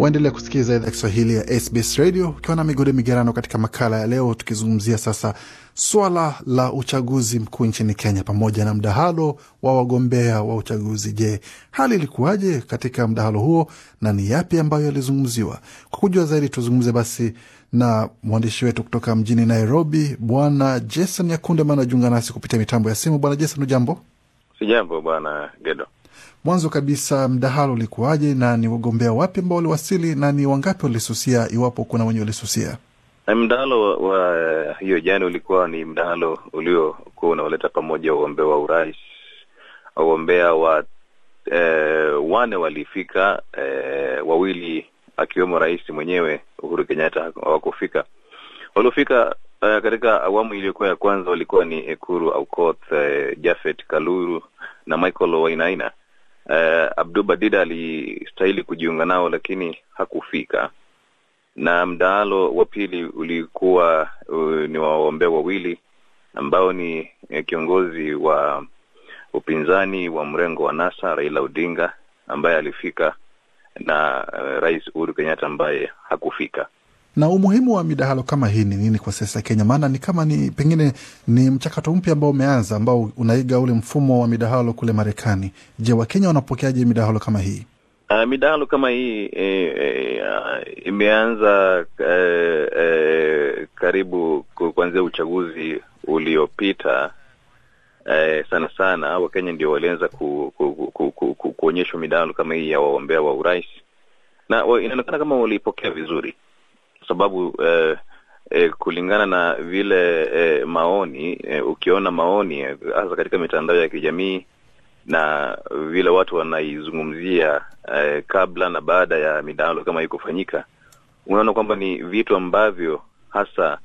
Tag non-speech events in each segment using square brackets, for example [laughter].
Waendelea kusikiliza idhaa Kiswahili ya SBS Radio ukiwa na migode migerano. Katika makala ya leo, tukizungumzia sasa swala la uchaguzi mkuu nchini Kenya pamoja na mdahalo wa wagombea wa uchaguzi. Je, hali ilikuwaje katika mdahalo huo na ni yapi ambayo yalizungumziwa? Kwa kujua zaidi, tuzungumze basi na mwandishi wetu kutoka mjini Nairobi, Bwana Jason Yakunde, maana anajiunga nasi kupitia mitambo ya simu. Bwana Jason, ujambo? Sijambo Bwana Gedo. Mwanzo kabisa, mdahalo ulikuwaje na ni wagombea wapi ambao waliwasili na ni wangapi walisusia, iwapo kuna wenye walisusia? Eh, mdahalo wa hiyo jana ulikuwa ni mdahalo uliokuwa unaoleta pamoja wagombea wa urais, wagombea wa eh, wane walifika eh, wawili akiwemo rais mwenyewe Uhuru Kenyatta hawakufika. Waliofika uh, katika awamu iliyokuwa ya kwanza walikuwa ni Ekuru aukoth eh, uh, Jafet Kaluru na Michael Wainaina uh, eh, Abdu Badida alistahili kujiunga nao lakini hakufika, na mdahalo wa pili ulikuwa uh, ni waombea wawili ambao ni eh, kiongozi wa upinzani wa mrengo wa NASA Raila Odinga ambaye alifika na uh, Rais Uhuru Kenyatta ambaye hakufika na umuhimu wa midahalo kama hii ni nini kwa siasa ya Kenya? Maana ni kama ni pengine ni mchakato mpya ambao umeanza ambao unaiga ule mfumo wa midahalo kule Marekani. Je, Wakenya wanapokeaje midahalo kama hii? Uh, midahalo kama hii e, uh, imeanza e, e, karibu kuanzia uchaguzi uliopita. E, sana sana Wakenya ndio walianza ku, ku, ku, ku, ku, ku, kuonyeshwa midahalo kama hii ya waombea wa urais na inaonekana kama walipokea vizuri sababu eh, eh, kulingana na vile eh, maoni eh, ukiona maoni hasa katika mitandao ya kijamii na vile watu wanaizungumzia eh, kabla na baada ya midahalo kama hii kufanyika, unaona kwamba ni vitu ambavyo hasa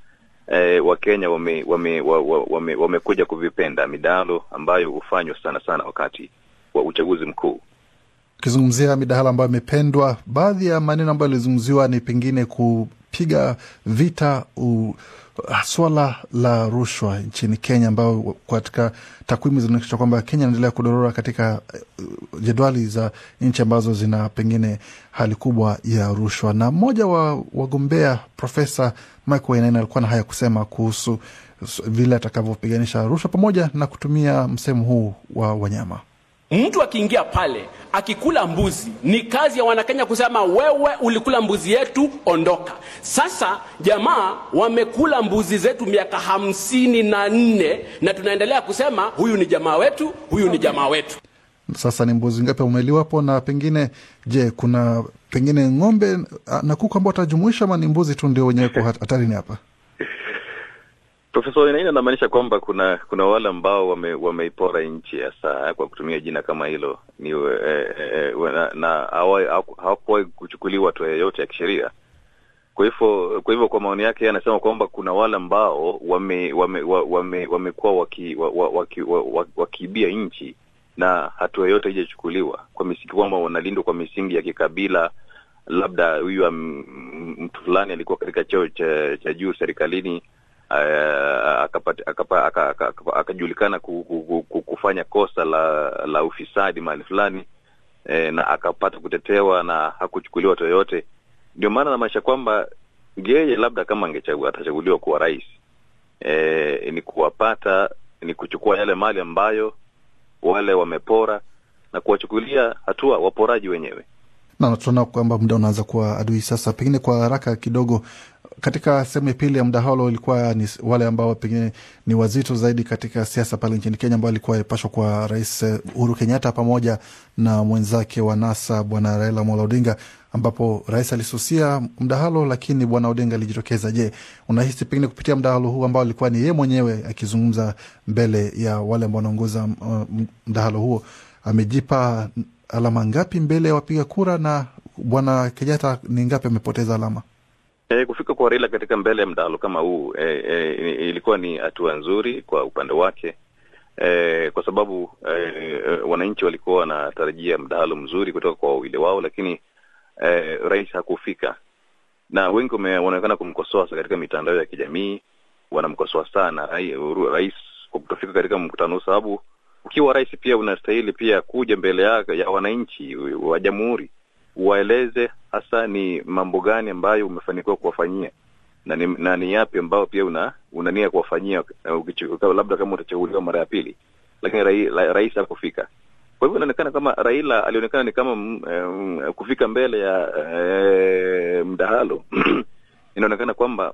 eh, Wakenya wamekuja wame, wame, wame, wame kuvipenda, midahalo ambayo hufanywa sana sana wakati wa uchaguzi mkuu. Ukizungumzia midahalo ambayo imependwa, baadhi ya maneno ambayo yalizungumziwa ni pengine ku kupiga vita u, ah, swala la rushwa nchini Kenya, ambayo katika takwimu zinaonyesha kwamba Kenya inaendelea kudorora katika eh, jedwali za nchi ambazo zina pengine hali kubwa ya rushwa. Na mmoja wa wagombea Profesa Michael Wainaina alikuwa na haya kusema kuhusu vile atakavyopiganisha rushwa pamoja na kutumia msemo huu wa wanyama. Mtu akiingia pale akikula mbuzi, ni kazi ya Wanakenya kusema wewe ulikula mbuzi yetu, ondoka. Sasa jamaa wamekula mbuzi zetu miaka hamsini na nne na tunaendelea kusema huyu ni jamaa wetu, huyu ni jamaa wetu. Sasa ni mbuzi ngapi umeliwapo Na pengine je, kuna pengine ng'ombe ah, na kuku ambao atajumuisha ama ni mbuzi tu ndio wenyewe kwa hatarini hapa? Profesa Wainaina anamaanisha kwamba kuna kuna wale ambao wame, wameipora nchi hasa eh, kwa kutumia jina kama hilo ni e, eh, na, na hawakuwahi kuchukuliwa hatua yoyote ya kisheria. Kwa hivyo kwa hivyo, kwa maoni yake anasema kwamba kuna wale ambao wamekuwa wakiibia nchi na hatua yoyote haijachukuliwa kwa misingi kwamba wanalindwa kwa misingi ya kikabila, labda huyu mtu fulani alikuwa katika cheo cha, cha juu serikalini akajulikana kufanya kosa la la ufisadi mahali fulani e, na akapata kutetewa na hakuchukuliwa toyote Ndio maana namaanisha kwamba yeye labda kama atachaguliwa kuwa rais e, ni kuwapata ni kuchukua yale mali ambayo wale wamepora na kuwachukulia hatua waporaji wenyewe na tunaona kwamba muda unaanza kuwa adui sasa. Pengine kwa haraka kidogo, katika sehemu ya pili ya mdahalo ilikuwa ni wale ambao pengine ni wazito zaidi katika siasa pale nchini Kenya, ambao alikuwa ipashwa kwa Rais eh, Uhuru Kenyatta pamoja na mwenzake wa NASA Bwana Raila Mola Odinga, ambapo rais alisusia mdahalo, lakini Bwana Odinga alijitokeza. Je, unahisi pengine kupitia mdahalo huu ambao alikuwa ni yeye mwenyewe akizungumza mbele ya wale ambao wanaongoza mdahalo huo amejipa alama ngapi mbele ya wapiga kura na bwana Kenyatta ni ngapi amepoteza alama? E, kufika kwa Raila katika mbele ya mdalo kama huu e, e, ilikuwa ni hatua nzuri kwa upande wake e, kwa sababu e, wananchi walikuwa wanatarajia mdalo mzuri kutoka kwa wawili wao, lakini e, rais hakufika, na wengi wanaonekana kumkosoa katika mitandao ya kijamii, wanamkosoa sana rais kwa kutofika katika mkutano sababu ukiwa rais pia unastahili pia kuja mbele ya, ya wananchi wa jamhuri waeleze hasa ni mambo gani ambayo umefanikiwa kuwafanyia na ni, na ni yapi ambayo pia una, una nia kuwafanyia uh, labda kama utachaguliwa mara ya pili, lakini rai, la, rais hakufika. Kwa hivyo inaonekana kama Raila alionekana ni kama um, kufika mbele ya e, mdahalo [clears throat] inaonekana kwamba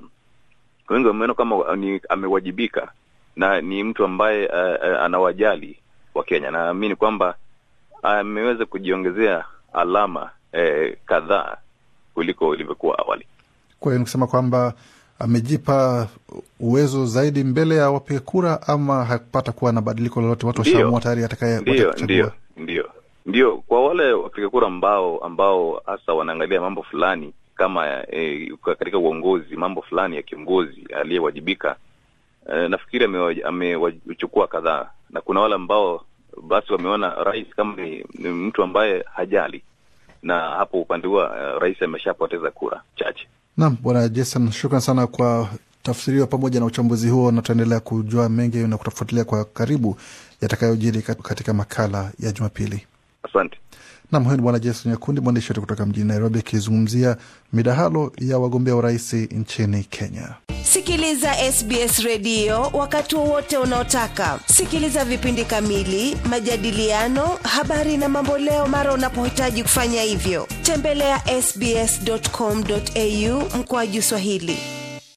wengi wameona kama ni amewajibika na ni mtu ambaye uh, anawajali kenya Naamini kwamba ameweza eh, kujiongezea alama eh, kadhaa kuliko ilivyokuwa awali. Kwa hiyo ni kusema kwamba amejipa uwezo zaidi mbele ya wapiga kura, ama hakupata kuwa na badiliko lolote? Watu washaamua tayari atakaye. Ndio, ndio, ndio, ndio. Kwa wale wapiga kura ambao ambao hasa wanaangalia mambo fulani kama eh, katika uongozi, mambo fulani ya kiongozi aliyewajibika eh, nafikiri amewachukua kadhaa, na kuna wale ambao basi wameona rais kama ni, ni mtu ambaye hajali, na hapo upande huwa eh, rais ameshapoteza kura chache. Naam, Bwana Jason, shukran sana kwa tafsiri hiyo pamoja na uchambuzi huo, na tutaendelea kujua mengi na kutafuatilia kwa karibu yatakayojiri katika makala ya Jumapili. Asante. Nam, huyu ni Bwana Jason Nyakundi, mwandishi wetu kutoka mjini Nairobi, akizungumzia midahalo ya wagombea urais nchini Kenya. Sikiliza SBS redio wakati wowote unaotaka. Sikiliza vipindi kamili, majadiliano, habari na mamboleo mara unapohitaji kufanya hivyo. Tembelea ya sbs.com.au mkoaju Swahili.